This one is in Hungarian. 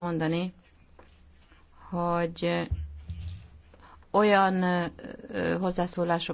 mondani, hogy olyan hozzászólások